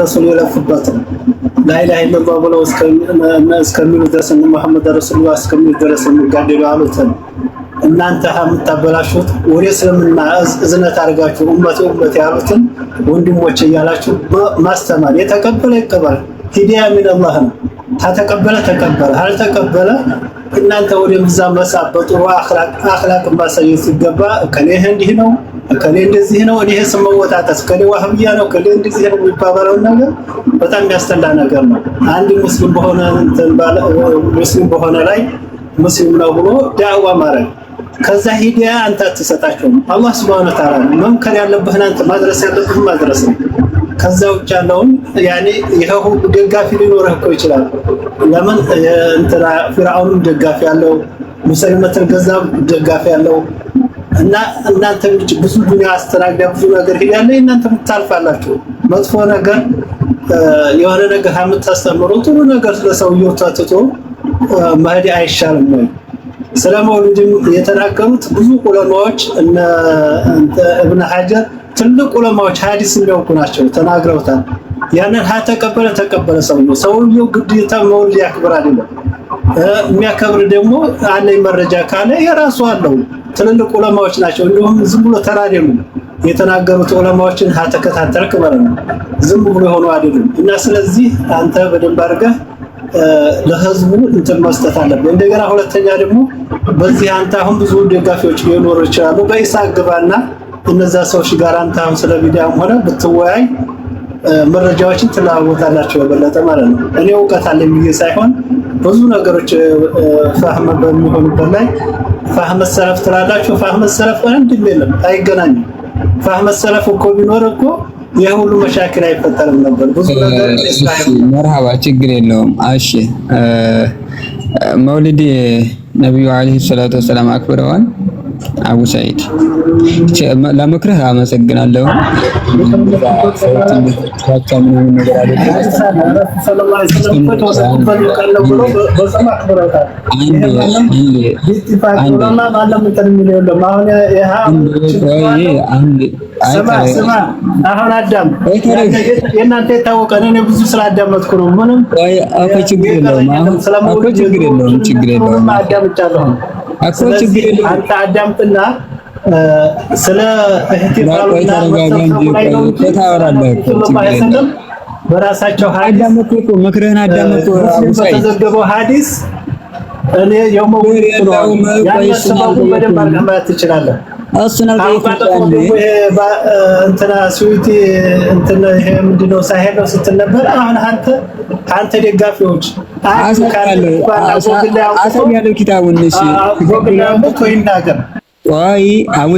ረሱል የለፉበት ላይላ ይመባ ብለው እስከሚሉ ድረስ መሐመድ ረሱሉ እስከሚሉ ድረስ የሚጋደሉ አሉትን እናንተ የምታበላሹት ወደ እስልምና እዝነት አድርጋችሁ እመቴ እመቴ ያሉትን ወንድሞች እያላችሁ ማስተማር የተቀበለ ይቀበል ሂዳያ ሚን ነው። ከተቀበለ ተቀበለ፣ አልተቀበለ እናንተ ወደ ምዛመሳ በጥሩ አክላቅ አኽላቅ ማሳየት ሲገባ እከሌ እንዲህ ነው እከሌ እንደዚህ ነው እኔ ስመወታተስ እከሌ ዋህብያ ነው እከሌ እንደዚህ ነው የሚባባለው ነገር በጣም የሚያስጠላ ነገር ነው። አንድ ሙስሊም በሆነ እንትን ባለ ሙስሊም በሆነ ላይ ሙስሊም ነው ብሎ ዳዕዋ ማድረግ ከዛ ሂዳያ አንተ አትሰጣቸውም። አላህ ስብሃነ ወተዓላ መምከር ያለብህን አንተ ማድረስ ያለብህን ማድረስ ነው። ከዛ ውጭ ያለውን ያኔ ይኸው ደጋፊ ሊኖረህ እኮ ይችላል። ለምን እንትና ፊርአውንም ደጋፊ ያለው ሙሰልመትን ገዛም ደጋፊ ያለው እና እናንተ ብዙ ዱንያ አስተናግዳ ብዙ ነገር ሄዳለ። እናንተ ምታልፋላችሁ መጥፎ ነገር የሆነ ነገር ከምታስተምሩ ጥሩ ነገር ስለሰው ታትቶ መሄድ አይሻልም ወይ? ስለ መውሊድም የተናገሩት ብዙ ዑለማዎች እነ እብነ ሀጀር ትልቅ ዑለማዎች ሀዲስ የሚያውቁ ናቸው፣ ተናግረውታል። ያንን ሀ ተቀበለ ተቀበለ ሰውየው ሰውየው ግዴታ መውሊድ ሊያክብር አይደለም። የሚያከብር ደግሞ አለኝ መረጃ ካለ የራሱ አለው። ትልልቅ ዑለማዎች ናቸው። እንዲሁም ዝም ብሎ ተራ አይደሉም። የተናገሩት ዑለማዎችን ሀ ተከታተልክ ማለት ነው። ዝም ብሎ የሆኑ አይደሉም። እና ስለዚህ አንተ በደንብ አድርገህ ለህዝቡ እንትን መስጠት አለብህ። እንደገና ሁለተኛ ደግሞ በዚህ አንተ አሁን ብዙ ደጋፊዎች ሊኖሩ ይችላሉ። በኢሳ ግባና እነዛ ሰዎች ጋር አንተ አሁን ስለ ሚዲያም ሆነ ብትወያይ መረጃዎችን ትለዋወጣላቸው የበለጠ ማለት ነው። እኔ እውቀት አለኝ ብዬ ሳይሆን ብዙ ነገሮች ፋህመ በሚሆኑበት ላይ ፋህመ ሰለፍ ትላላችሁ። ፋህመ ሰለፍ አንድም የለም፣ አይገናኝም። ፋህመ ሰለፍ እኮ ቢኖር እኮ ይህ ሁሉ መሻክል አይፈጠርም ነበር። ብዙ ነገር መርሃባ፣ ችግር የለውም። እሺ መውሊድ ነቢዩ አለይሂ ሰላቱ ወሰላም አክብረዋል። አቡ ሰዒድ ለምክርህ አመሰግናለሁ። አሁን አዳም የእናንተ የታወቀ እኔ ብዙ ስላዳመጥኩ ነው። ምንም ችግር የለውም፣ ችግር የለውም፣ ችግር የለውም። አንተ አዳምጥና ስለ እህትፋሉና ሰለም በራሳቸው ምክርህን አዳመጡ ተዘገበው ሀዲስ እኔ የመውሪጥ ነው ያለ ሰበቡን በደንብ አድርገህ ማለት ትችላለህ። እሱን እንትና ስዊቲ እንትና ይሄ ምንድን ነው ሳይሄድ ነው ስትል ነበር። አሁን አንተ አንተ ደጋፊዎች አሳያለሁ ኪታቡን። አቡ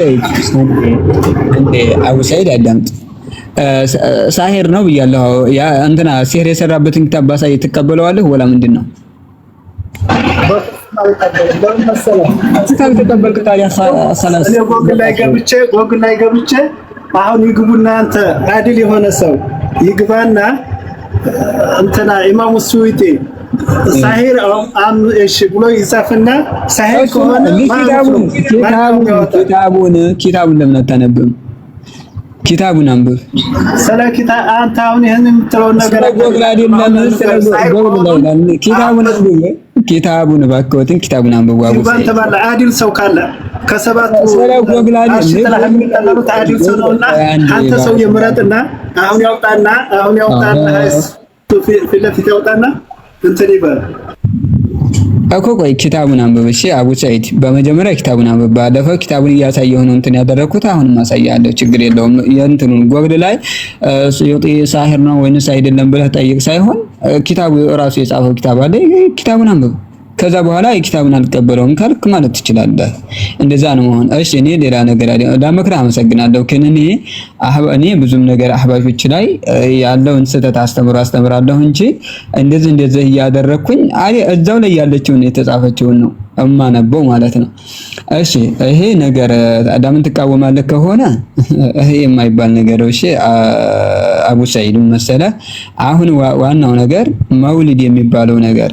ሰይድ እንዴ አቡ ሰይድ አዳምጥ። ሳሄር ነው ብያለሁ። ያ እንትና ሲሄር የሰራበትን ኪታብ ባሳይ ትቀበለዋለህ ወላ ምንድን ነው? ጎግል ላይ ገብቼ ጎግል ላይ ገብቼ አሁን ይግቡና አንተ አድል የሆነ ሰው ይግባና እንትና ኢማሙ አም እሺ ብሎ ይጻፍና ሳሄር ከሆነ ኪታቡን ኪታቡን ኪታቡን ለምን አታነብም? ኪታቡን አንብብ። ስለ ኪታ አንተ አሁን ይሄን የምትለው ነገር ጎግል አይደለም፣ ስለ ጎግል አይደለም። ኪታቡን አንብብ፣ ኪታቡን ባከውትን ኪታቡን አንብብ። ዋው ይባል ተባለ። አዲል ሰው ካለ ከሰባት ስለ ጎግል አይደለም፣ አዲል ሰው ነውና አንተ ሰው የምረጥና አሁን ያውጣና አሁን ያውጣና ፊት ለፊት ያውጣና እንትን ይባላል እኮ ቆይ ኪታቡን አንብብ እሺ አቡ ሰይድ በመጀመሪያ ኪታቡን አንብብ ባለፈው ኪታቡን እያሳየሁ ነው እንትን ያደረኩት አሁንም አሳያለሁ ችግር የለውም የእንትኑን ጎግል ላይ ሱዩጢ ሳሂር ነው ወይንስ አይደለም ብለህ ጠይቅ ሳይሆን ኪታቡ ራሱ የጻፈው ኪታብ አለ ኪታቡን አንብብ ከዛ በኋላ የኪታብን አልቀበለውም ካልክ ማለት ትችላለህ። እንደዛ ነው መሆን። እሺ እኔ ሌላ ነገር ለምክርህ አመሰግናለሁ። ግን እኔ እኔ ብዙም ነገር አህባሾች ላይ ያለውን ስህተት አስተምሮ አስተምራለሁ እንጂ እንደዚህ እንደዚህ እያደረግኩኝ እዛው ላይ ያለችውን የተጻፈችውን ነው እማነበው ማለት ነው። እሺ ይሄ ነገር አዳምን ትቃወማለህ ከሆነ ይሄ የማይባል ነገር እሺ፣ አቡ ሰይድ መሰለህ። አሁን ዋናው ነገር መውሊድ የሚባለው ነገር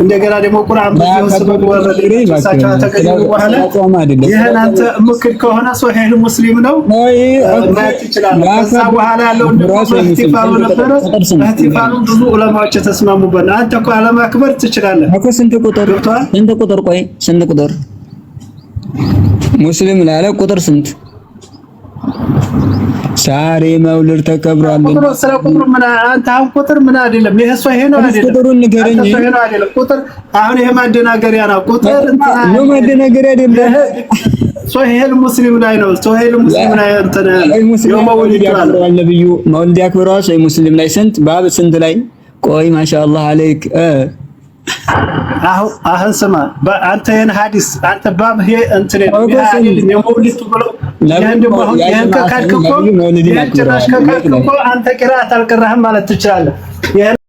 እንደገና ደግሞ ቁርአን ይህን አንተ ምክድ ከሆነ ሶሒህ ሙስሊም ነው ማየት ይችላል። ከዛ በኋላ ያለውን ኢህቲፋሉ ነበረ። ኢህቲፋሉ ብዙ ዑለማዎች የተስማሙበት ነው። አንተ እኮ አለማክበር ትችላለህ። ስንት ቁጥር ስንት ቁጥር ቆይ ስንት ቁጥር ሙስሊም ላለ ቁጥር ስንት ዛሬ መውልድ ተከብሯል። ስለ ቁጥሩ ምን አንተ አሁን ቁጥር ምን አይደለም። ይሄ ሰው ይሄ ነው አይደለም። ቁጥሩን ንገረኝ። ይሄ ነው አይደለም። ቁጥር አሁን ይሄ ማደናገሪያ ነው። ቁጥር ነው ማደናገሪያ አይደለም። ሶሄል ሙስሊም ላይ ነው። ሶሄል ሙስሊም ላይ እንትን የመውሊድ ያክብረዋል ነብዩ መውሊድ ያክብረዋል። ሶሄል ሙስሊም ላይ ስንት ባብ ስንት ላይ ቆይ ማሻአላህ አለይክ አሁን ስማ አንተ ይህን ሀዲስ አንተ ባብ ይሄ እንትን የመውሊድ ማለት ትችላለህ።